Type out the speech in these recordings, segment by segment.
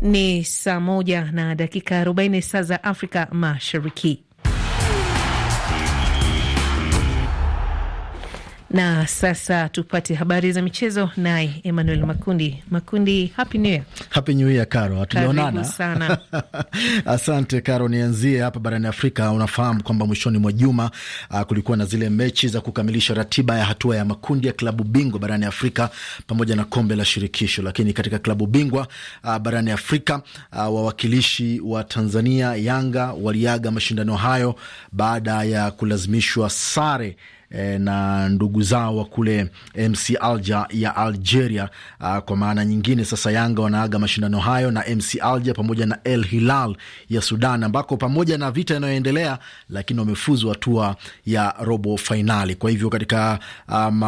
Ni saa moja na dakika 40 saa za Afrika Mashariki. Na sasa tupate habari za michezo naye Emmanuel Makundi. Makundi, happy new year. Happy new year, Karo, hatujaonana sana. Asante Karo, nianzie hapa barani Afrika. Unafahamu kwamba mwishoni mwa juma ah, kulikuwa na zile mechi za kukamilisha ratiba ya hatua ya makundi ya klabu bingwa barani Afrika pamoja na kombe la shirikisho, lakini katika klabu bingwa ah, barani Afrika ah, wawakilishi wa Tanzania Yanga waliaga mashindano hayo baada ya kulazimishwa sare eh, na ndugu zao wa kule eh, MC Alger ya Algeria. Ah, kwa maana nyingine sasa Yanga wanaaga mashindano hayo na MC Alger pamoja na El Hilal ya Sudan, ambako pamoja na vita inayoendelea lakini wamefuzu hatua ya robo fainali. Kwa hivyo katika um,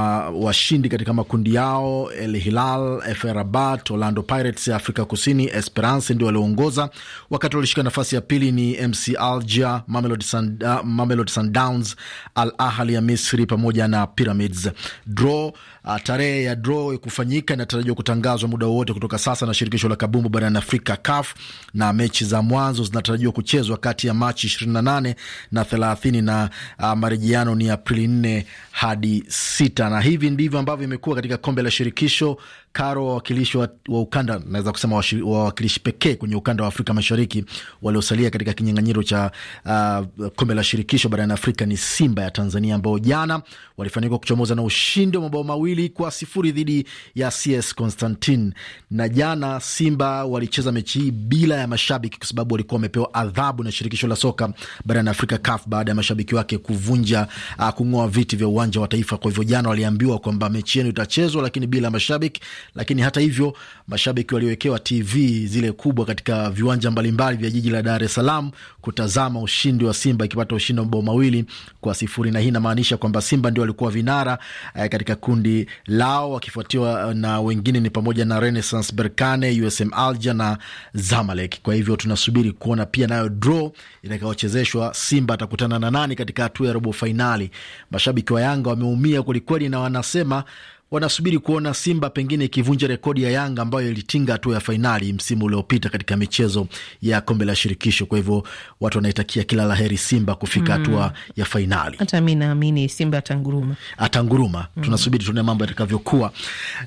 washindi katika makundi yao El Hilal, FAR Rabat, Orlando Pirates ya Afrika Kusini, Esperance ndio walioongoza, wakati walishika nafasi ya pili ni MC Alger, ah, Mamelodi Sundowns, Al Ahly ya Misri Misri pamoja na Pyramids. Draw uh, tarehe ya draw kufanyika inatarajiwa kutangazwa muda wowote kutoka sasa na shirikisho la kabumbu barani Afrika CAF, na mechi za mwanzo zinatarajiwa kuchezwa kati ya Machi 28 na 30 na uh, marejiano ni Aprili 4 hadi 6, na hivi ndivyo ambavyo imekuwa katika kombe la shirikisho Karo wawakilishi wa, wa ukanda naweza kusema wawakilishi pekee kwenye ukanda wa Afrika Mashariki waliosalia katika kinyang'anyiro cha uh, kombe la shirikisho barani Afrika ni Simba ya Tanzania ambao jana walifanikiwa kuchomoza na ushindi wa mabao mawili kwa sifuri dhidi ya CS Constantin. Na jana Simba walicheza mechi hii bila ya mashabiki kwa sababu walikuwa wamepewa adhabu na shirikisho la soka barani Afrika CAF baada ya mashabiki wake kuvunja uh, kung'oa viti vya uwanja wa Taifa. Kwa hivyo jana waliambiwa kwamba mechi yenu itachezwa lakini bila mashabiki lakini hata hivyo, mashabiki waliowekewa TV zile kubwa katika viwanja mbalimbali vya jiji la Dar es Salaam kutazama ushindi wa Simba ikipata ushindi wa mabao mawili kwa sifuri, na hii inamaanisha kwamba Simba ndio walikuwa vinara eh, katika kundi lao, wakifuatiwa eh, na wengine ni pamoja na Renaissance Berkane, USM Alger na Zamalek. Kwa hivyo tunasubiri kuona pia nayo draw itakayochezeshwa, Simba atakutana na nani katika hatua ya robo fainali. Mashabiki wa Yanga wameumia kwelikweli na wanasema wanasubiri kuona Simba pengine ikivunja rekodi ya Yanga ambayo ilitinga hatua ya fainali msimu uliopita katika michezo ya kombe la shirikisho. Kwa hivyo watu wanaitakia kila la heri Simba kufika mm. hatua mm. ya fainali. Hata mi naamini Simba atanguruma, atanguruma mm. tunasubiri tuone mambo yatakavyokuwa.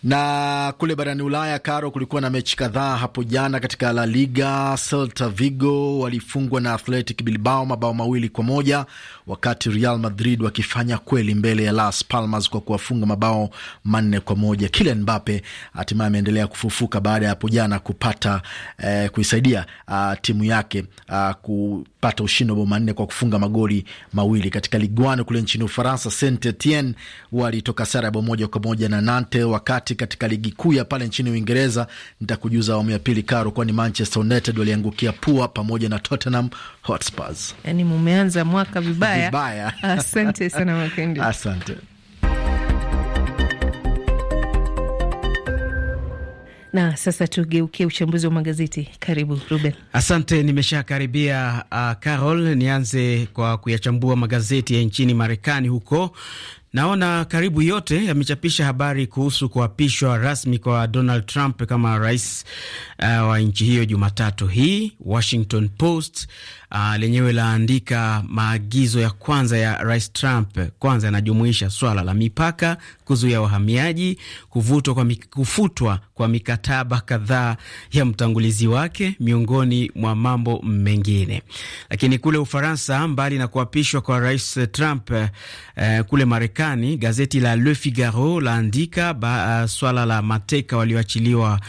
Na kule barani Ulaya, Karo, kulikuwa na mechi kadhaa hapo jana katika La Liga. Celta Vigo walifungwa na Athletic Bilbao mabao mawili kwa moja wakati Real Madrid wakifanya kweli mbele ya Las Palmas kwa kuwafunga mabao manne kwa moja. Kylian Mbappe hatimaye ah, ameendelea kufufuka baada ya hapo jana kupata eh, kuisaidia uh, timu yake ah, kupata ushindi wa bao manne kwa kufunga magoli mawili katika liguano kule nchini Ufaransa. Saint Etienne walitoka sare ya bao moja kwa moja na Nante, wakati katika ligi kuu ya pale nchini Uingereza nitakujuza awamu ya pili karo, kwani Manchester United waliangukia pua pamoja na Tottenham Hotspurs. Yani mumeanza mwaka vibaya, vibaya. Asante sana Makendi, asante. Na sasa tugeukie uchambuzi wa magazeti. Karibu Ruben. Asante, nimeshakaribia uh, Carol. Nianze kwa kuyachambua magazeti ya nchini Marekani huko Naona karibu yote yamechapisha habari kuhusu kuapishwa rasmi kwa Donald Trump kama rais uh, wa nchi hiyo Jumatatu hii. Washington Post uh, lenyewe laandika maagizo ya kwanza ya rais Trump kwanza yanajumuisha swala la mipaka, kuzuia wahamiaji, kufutwa kwa, mik kufutwa kwa mikataba kadhaa ya mtangulizi wake, miongoni mwa mambo mengine. Lakini kule Ufaransa, mbali na kuapishwa kwa rais Trump uh, kule Marekani Marekani, gazeti la Le Figaro laandika uh, swala la mateka walioachiliwa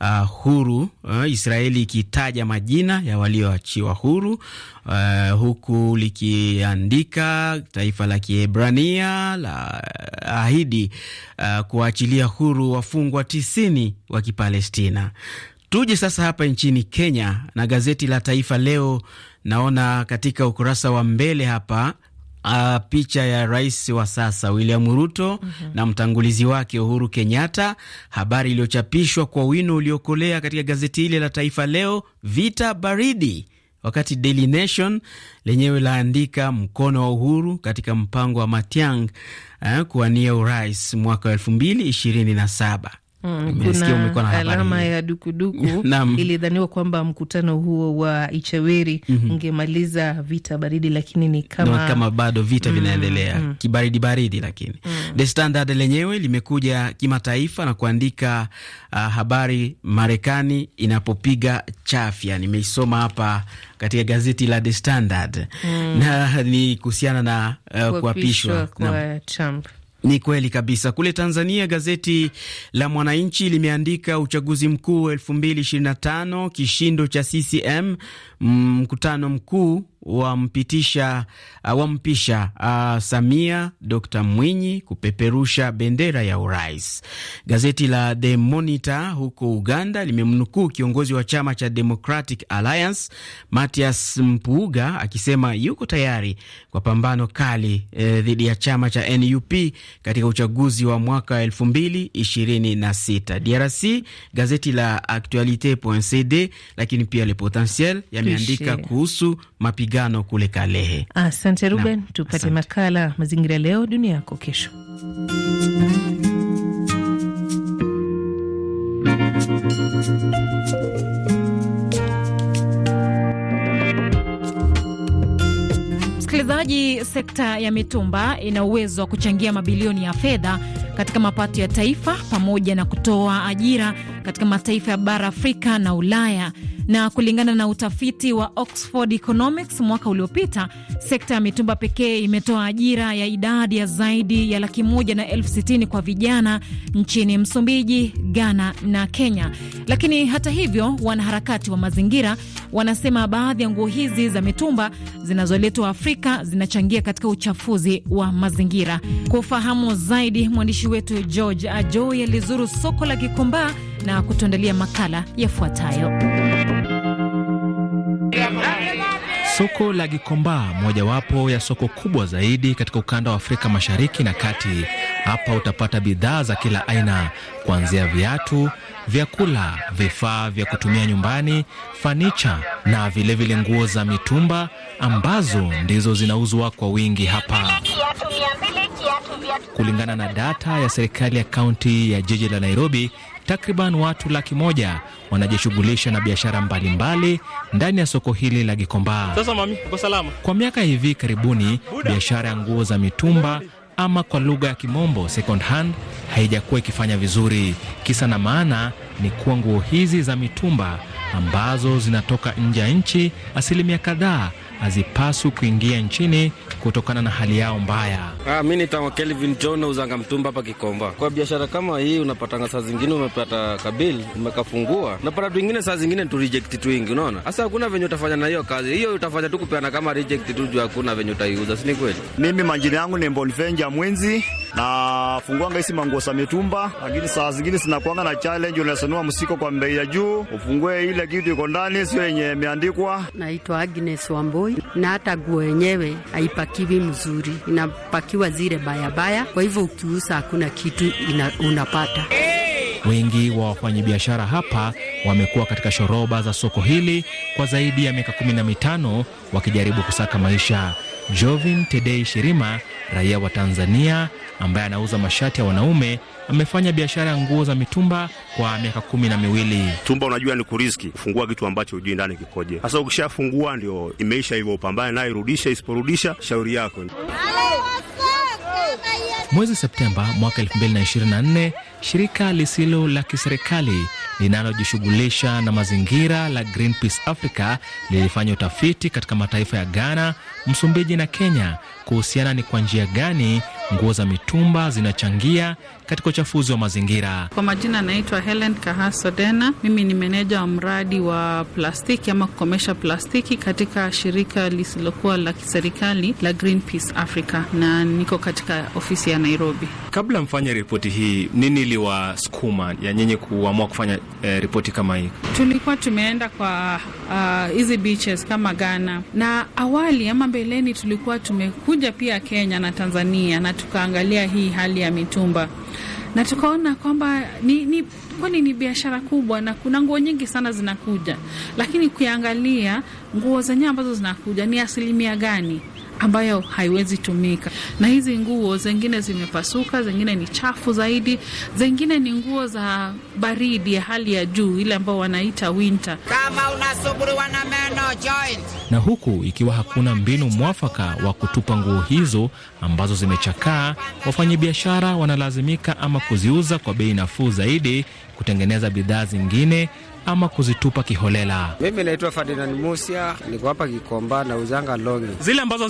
uh, huru uh, Israeli ikitaja majina ya walioachiwa huru uh, huku likiandika taifa la Kiebrania la uh, ahidi uh, kuwaachilia huru wafungwa tisini wa Kipalestina. Tuje sasa hapa nchini Kenya na gazeti la Taifa Leo. Naona katika ukurasa wa mbele hapa uh, picha ya rais wa sasa William Ruto mm -hmm. na mtangulizi wake Uhuru Kenyatta, habari iliyochapishwa kwa wino uliokolea katika gazeti hile la Taifa Leo, vita baridi wakati Daily Nation lenyewe laandika mkono wa Uhuru katika mpango wa Matiang eh, kuwania urais mwaka wa elfu mbili ishirini na saba. Mm, kuna alama ya dukuduku ilidhaniwa kwamba mkutano huo wa Ichaweri mm -hmm. ungemaliza vita baridi, lakini ni kama, no, kama bado vita mm -hmm. vinaendelea mm -hmm. kibaridi baridi, lakini mm -hmm. The Standard lenyewe limekuja kimataifa na kuandika uh, habari Marekani inapopiga chafya. Nimeisoma hapa katika gazeti la The Standard mm -hmm. na ni kuhusiana na uh, kuapishwa kwa Trump ni kweli kabisa. Kule Tanzania, gazeti la Mwananchi limeandika uchaguzi mkuu 2025 kishindo cha CCM, mkutano mkuu wampitisha ah, wampisha uh, Samia Dr. Mwinyi kupeperusha bendera ya urais. Gazeti la The Monitor huko Uganda limemnukuu kiongozi wa chama cha Democratic Alliance Matias Mpuuga akisema yuko tayari kwa pambano kali eh, dhidi eh, ya chama cha NUP katika uchaguzi wa mwaka 2026. DRC, gazeti la Actualite.cd lakini pia Le Potentiel yameandika kuhusu mapigano mapigano kule Kalehe. Asante Ruben na, tupate asante. Makala mazingira leo dunia yako kesho. Msikilizaji, sekta ya mitumba ina uwezo wa kuchangia mabilioni ya fedha katika mapato ya taifa pamoja na kutoa ajira katika mataifa ya bara Afrika na Ulaya. Na kulingana na utafiti wa Oxford Economics mwaka uliopita, sekta ya mitumba pekee imetoa ajira ya idadi ya zaidi ya laki moja na elfu sitini kwa vijana nchini Msumbiji, Ghana na Kenya. Lakini hata hivyo, wanaharakati wa mazingira wanasema baadhi ya nguo hizi za mitumba zinazoletwa Afrika zinachangia katika uchafuzi wa mazingira. Kwa ufahamu zaidi, mwandishi wetu George Ajoi alizuru soko la Gikomba na kutuandalia makala yafuatayo. Soko la Gikomba, mojawapo ya soko kubwa zaidi katika ukanda wa Afrika Mashariki na Kati. Hapa utapata bidhaa za kila aina, kuanzia viatu, vyakula, vifaa vya kutumia nyumbani, fanicha na vilevile nguo za mitumba ambazo ndizo zinauzwa kwa wingi hapa. Kulingana na data ya serikali ya kaunti ya jiji la Nairobi, takriban watu laki moja wanajishughulisha na biashara mbalimbali ndani ya soko hili la Gikomba. Sasa mami, uko salama? Kwa miaka hivi karibuni, biashara ya nguo za mitumba ama kwa lugha ya kimombo second hand haijakuwa ikifanya vizuri. Kisa na maana ni kuwa nguo hizi za mitumba ambazo zinatoka nje ya nchi, asilimia kadhaa hazipaswi kuingia nchini kutokana na hali yao mbaya. Ah, mi nitawa Kelvin John uzanga mtumba hapa Kikomba. Kwa biashara kama hii unapatanga saa zingine umepata kabili umekafungua unapata tuingine saa zingine tu reject twingi, unaona hasa hakuna venye utafanya na hiyo kazi hiyo, utafanya tu kupeana kama reject tu juu hakuna venye utaiuza, si ni kweli? Mimi majina yangu ni Bonvenja Mwinzi, na isi manguo sa mitumba, lakini saa zingine zinakuanga na challenge, unasanua msiko kwa mbei ya juu, ufungue ile kitu iko ndani, sio yenye imeandikwa. Naitwa Agnes Wamboi, na hata guo yenyewe haipakiwi mzuri, inapakiwa zile bayabaya. Kwa hivyo ukiusa hakuna kitu ina, unapata Wengi wa wafanyabiashara hapa wamekuwa katika shoroba za soko hili kwa zaidi ya miaka kumi na mitano wakijaribu kusaka maisha. Jovin Tedei Shirima, raia wa Tanzania ambaye anauza mashati ya wanaume amefanya biashara ya nguo za mitumba kwa miaka kumi na miwili. Tumba unajua ni kuriski, kufungua kitu ambacho hujui ndani kikoje. Sasa ukishafungua ndio imeisha hivyo, upambane naye, irudisha, isiporudisha shauri yako. Mwezi Septemba mwaka 2024 shirika lisilo la kiserikali linalojishughulisha na mazingira la Greenpeace Africa lilifanya utafiti katika mataifa ya Ghana, Msumbiji na Kenya kuhusiana ni kwa njia gani nguo za mitumba zinachangia katika uchafuzi wa mazingira. Kwa majina anaitwa Helen Kahasodena. Mimi ni meneja wa mradi wa plastiki ama kukomesha plastiki katika shirika lisilokuwa la kiserikali la Greenpeace Africa, na niko katika ofisi ya Nairobi. Kabla mfanye ripoti hii, nini iliwasukuma ya nyinyi kuamua kufanya eh, ripoti kama hii? Tulikuwa tumeenda kwa ah, hizi uh, beaches kama Ghana na awali ama mbeleni tulikuwa tumekuja pia Kenya na Tanzania na tukaangalia hii hali ya mitumba na tukaona kwamba ni, ni kwani ni biashara kubwa na kuna nguo nyingi sana zinakuja, lakini ukiangalia nguo zenyewe ambazo zinakuja ni asilimia gani? ambayo haiwezi tumika. Na hizi nguo zengine zimepasuka, zengine ni chafu zaidi, zengine ni nguo za baridi ya hali ya juu, ile ambao wanaita winter. Kama unasumbuliwa na meno joint. Na huku ikiwa hakuna mbinu mwafaka wa kutupa nguo hizo ambazo zimechakaa, wafanyabiashara wanalazimika ama kuziuza kwa bei nafuu zaidi, kutengeneza bidhaa zingine ama kuzitupa kiholela. Mimi naitwa Ferdinand Musia, niko hapa Kikomba na uzanga longi. Zile ambazo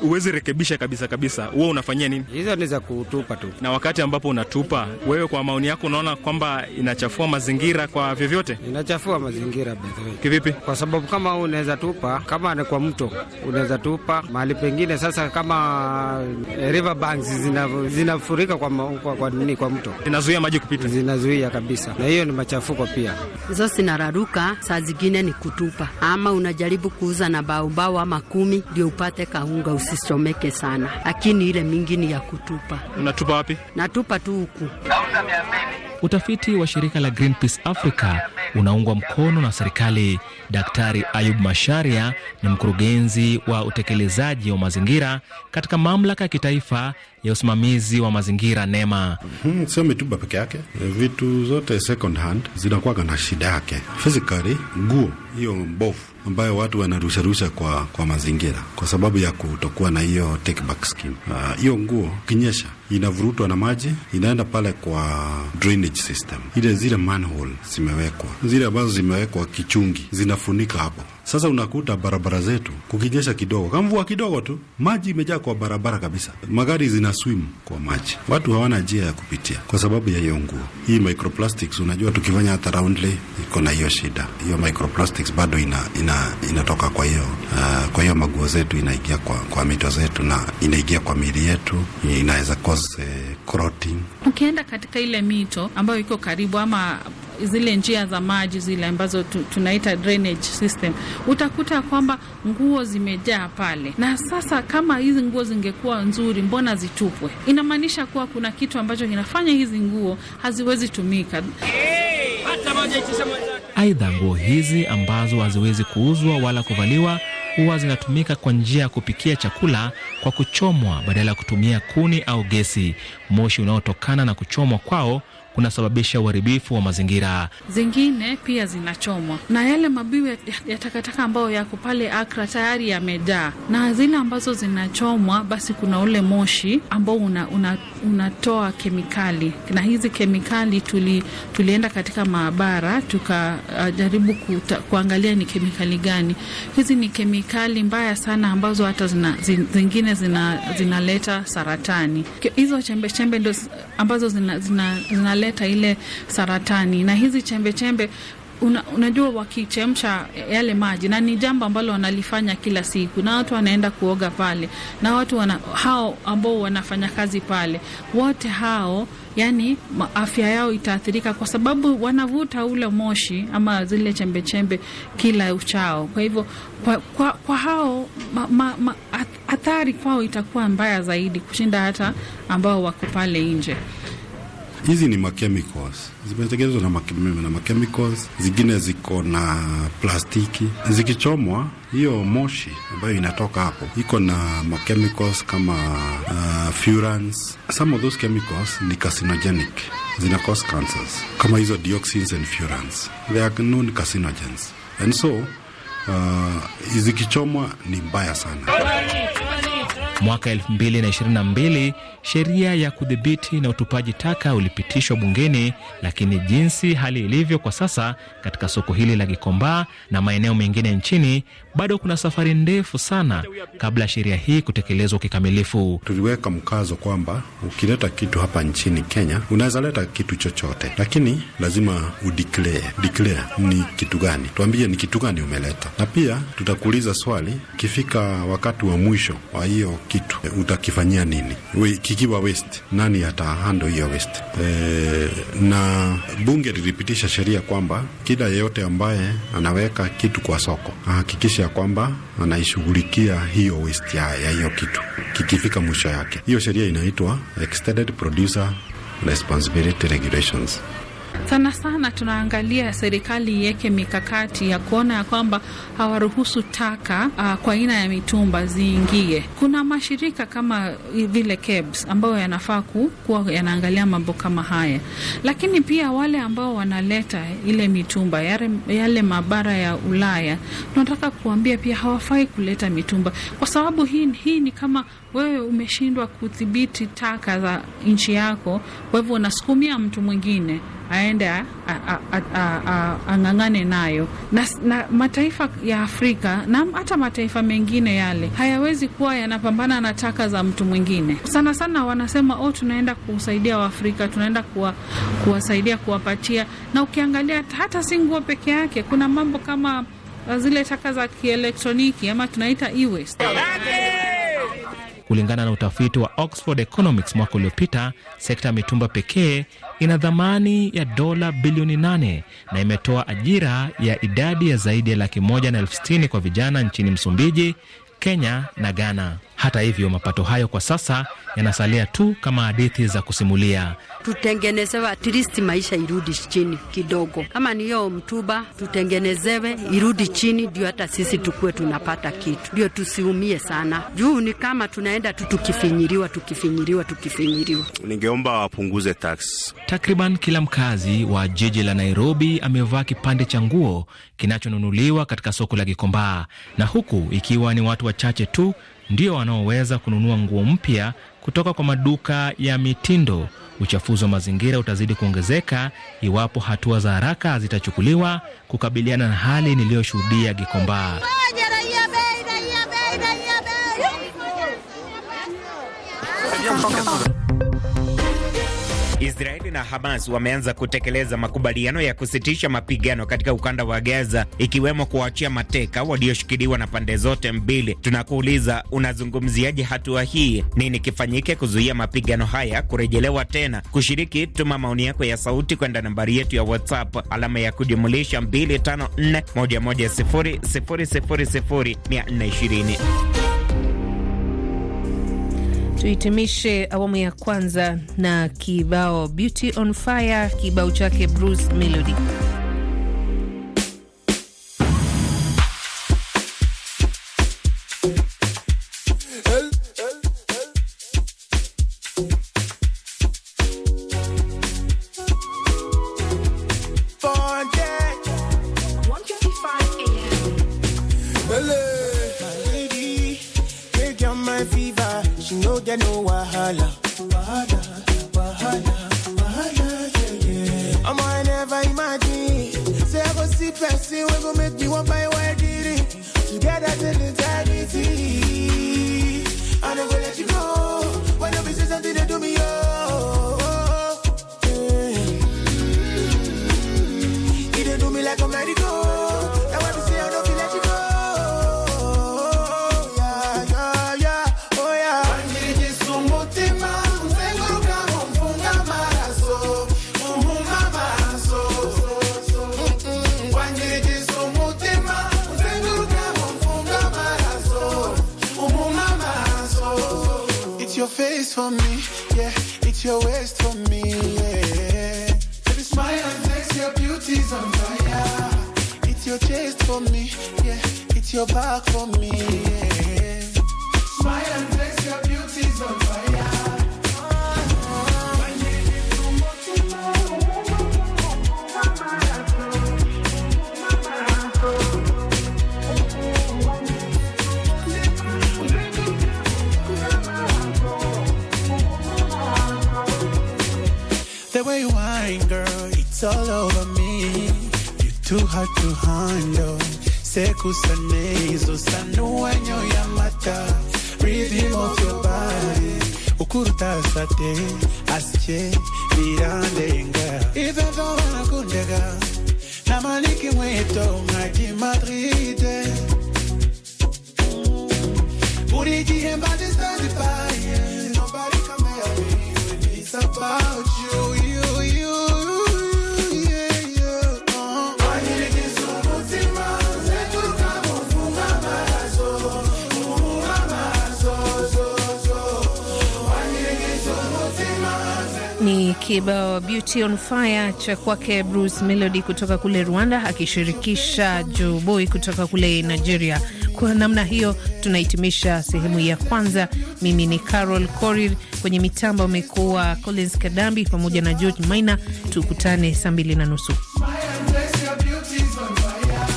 huwezi rekebisha kabisa kabisa, huwa unafanyia nini? Hizo ni za kutupa tu. Na wakati ambapo unatupa wewe, kwa maoni yako, unaona kwamba inachafua mazingira kwa vyovyote? Inachafua mazingira bedhwe. Kivipi? Kwa sababu kama unaweza tupa, kama ni kwa mto unaweza tupa mahali pengine. Sasa kama eh, river banks zinafurika zina kwa, kwa, kwa, nini kwa mto, zinazuia maji kupita, zinazuia kabisa, na hiyo ni machafuko pia hizo zinararuka, saa zingine ni kutupa, ama unajaribu kuuza na baobao ama kumi ndio upate kaunga usichomeke sana, lakini ile mingi ni ya kutupa. Unatupa wapi? Natupa tu huku. Utafiti wa shirika la Greenpeace Africa unaungwa mkono na serikali. Daktari Ayub Masharia ni mkurugenzi wa utekelezaji wa mazingira katika mamlaka ya kitaifa ya usimamizi wa mazingira NEMA. Hmm, sio mituba peke yake, vitu zote second hand zinakuwaga na shida yake. Physically nguo hiyo mbovu ambayo watu wanarusharusha kwa, kwa mazingira kwa sababu ya kutokuwa na hiyo take back scheme. Ah, hiyo uh, nguo kinyesha inavurutwa na maji inaenda pale kwa drainage system ile, zile manhole zimewekwa zile ambazo zimewekwa kichungi zinafunika hapo sasa unakuta barabara zetu kukinyesha kidogo, kama mvua kidogo tu, maji imejaa kwa barabara kabisa, magari zina swim kwa maji, watu hawana njia ya kupitia kwa sababu ya hiyo nguo. Hii microplastics, unajua tukifanya hata roundly iko na hiyo shida, hiyo microplastics bado ina, ina, inatoka kwa hiyo uh, kwa hiyo maguo zetu inaingia kwa, kwa mito zetu na inaingia kwa miili yetu, inaweza cause uh, Ukienda katika ile mito ambayo iko karibu ama zile njia za maji zile ambazo tu, tunaita drainage system, utakuta kwamba nguo zimejaa pale. Na sasa kama hizi nguo zingekuwa nzuri, mbona zitupwe? Inamaanisha kuwa kuna kitu ambacho kinafanya hizi nguo haziwezi tumika. Aidha, nguo hizi ambazo haziwezi kuuzwa wala kuvaliwa huwa zinatumika kwa njia ya kupikia chakula kwa kuchomwa badala ya kutumia kuni au gesi. Moshi unaotokana na kuchomwa kwao kunasababisha uharibifu wa mazingira. Zingine pia zinachomwa na yale mabiu ya takataka ambayo yako pale Akra tayari yamejaa, na zile ambazo zinachomwa, basi kuna ule moshi ambao una, una, unatoa kemikali, na hizi kemikali tuli, tulienda katika maabara tukajaribu uh, kuangalia ni kemikali gani hizi. Ni kemikali mbaya sana ambazo hata zina, zin, zingine zinaleta zina saratani. Hizo chembechembe ndo ambazo zina, zina, zina inaleta ile saratani na hizi chembe chembe Una, unajua wakichemsha yale maji na ni jambo ambalo wanalifanya kila siku, na watu wanaenda kuoga pale, na watu wana, hao ambao wanafanya kazi pale, wote hao yani afya yao itaathirika, kwa sababu wanavuta ule moshi ama zile chembechembe chembe kila uchao. Kwa hivyo kwa, kwa, kwa hao ma, ma, ma, athari kwao itakuwa mbaya zaidi kushinda hata ambao wako pale nje. Hizi ni machemicals, zimetengenezwa na, na machemicals, zingine ziko na plastiki. Zikichomwa hiyo moshi ambayo inatoka hapo iko na machemicals kama uh, furans. Some of those chemicals ni carcinogenic, zina cause cancers kama hizo dioxins and furans, they are known carcinogens and so uh, zikichomwa ni mbaya sana Bye. Mwaka 2022 sheria ya kudhibiti na utupaji taka ulipitishwa bungeni, lakini jinsi hali ilivyo kwa sasa katika soko hili la Gikomba na maeneo mengine nchini, bado kuna safari ndefu sana kabla ya sheria hii kutekelezwa kikamilifu. Tuliweka mkazo kwamba ukileta kitu hapa nchini Kenya unaweza leta kitu chochote, lakini lazima udeclare. Declare ni kitu gani? Tuambie ni kitu gani umeleta, na pia tutakuuliza swali, ukifika wakati wa mwisho wa hiyo kitu utakifanyia nini? We, kikiwa waste, nani atahando hiyo waste? E, na bunge lilipitisha sheria kwamba kila yeyote ambaye anaweka kitu kwa soko ahakikisha kuhakikisha kwamba anaishughulikia hiyo waste ya hiyo kitu kikifika mwisho yake. Hiyo sheria inaitwa Extended Producer Responsibility Regulations. Sana sana tunaangalia serikali iweke mikakati ya kuona ya kwamba hawaruhusu taka uh, kwa aina ya mitumba ziingie. Kuna mashirika kama vile KEBS ambayo yanafaa kuwa yanaangalia mambo kama haya, lakini pia wale ambao wanaleta ile mitumba yale, yale mabara ya Ulaya, tunataka kuambia pia hawafai kuleta mitumba, kwa sababu hii, hii ni kama wewe umeshindwa kudhibiti taka za nchi yako, kwa hivyo unasukumia mtu mwingine aende ang'ang'ane nayo na, na mataifa ya Afrika na hata mataifa mengine yale hayawezi kuwa yanapambana na taka za mtu mwingine. Sana sana wanasema oh, tunaenda kusaidia Waafrika, tunaenda kuwa, kuwasaidia kuwapatia. Na ukiangalia hata si nguo peke yake, kuna mambo kama uh, zile taka za kielektroniki ama tunaita e-waste Kulingana na utafiti wa Oxford Economics mwaka uliopita, sekta ya mitumba pekee ina thamani ya dola bilioni 8 na imetoa ajira ya idadi ya zaidi ya laki moja na elfu sitini kwa vijana nchini Msumbiji, Kenya na Ghana. Hata hivyo, mapato hayo kwa sasa yanasalia tu kama hadithi za kusimulia. Tutengenezewe at least maisha irudi chini kidogo, kama niyo mtuba, tutengenezewe irudi chini, ndio hata sisi tukuwe tunapata kitu, ndio tusiumie sana juu ni kama tunaenda tu tukifinyiriwa, tukifinyiriwa, tukifinyiriwa. Ningeomba wapunguze tax. Takriban kila mkazi wa jiji la Nairobi amevaa kipande cha nguo kinachonunuliwa katika soko la Gikomba, na huku ikiwa ni watu wa wachache tu ndio wanaoweza kununua nguo mpya kutoka kwa maduka ya mitindo. Uchafuzi wa mazingira utazidi kuongezeka iwapo hatua za haraka zitachukuliwa kukabiliana na hali niliyoshuhudia Gikomba. Israeli na Hamas wameanza kutekeleza makubaliano ya kusitisha mapigano katika ukanda wa Gaza, ikiwemo kuachia mateka walioshikiliwa na pande zote mbili. Tunakuuliza, unazungumziaje hatua hii? Nini kifanyike kuzuia mapigano haya kurejelewa tena? Kushiriki, tuma maoni yako ya sauti kwenda nambari yetu ya WhatsApp alama ya kujumulisha 254 110 000 420. Tuhitimishe awamu ya kwanza na kibao Beauty on Fire, kibao chake Bruce Melody. she no get no wahala. Wahala, wahala, wahala, yeah, yeah. Omo, I never imagine. Say I go see person, we go make you one by one, did it. Together, till it's for me, yeah. It's your back for me, yeah. hard to handle sekusane izosanua ya mata rhythm of your body Ukuruta sate, asche mirandenga idhadhowanakundega namaliki mweto ngaji madride burijihembazizazipa kibao Beauty on Fire cha kwake Bruce Melody kutoka kule Rwanda akishirikisha Boy kutoka kule Nigeria. Kwa namna hiyo tunahitimisha sehemu ya kwanza. Mimi ni Carol Korir, kwenye mitambo amekuwa Collins Kadambi pamoja na George Maina. Tukutane saa mbili na nusu.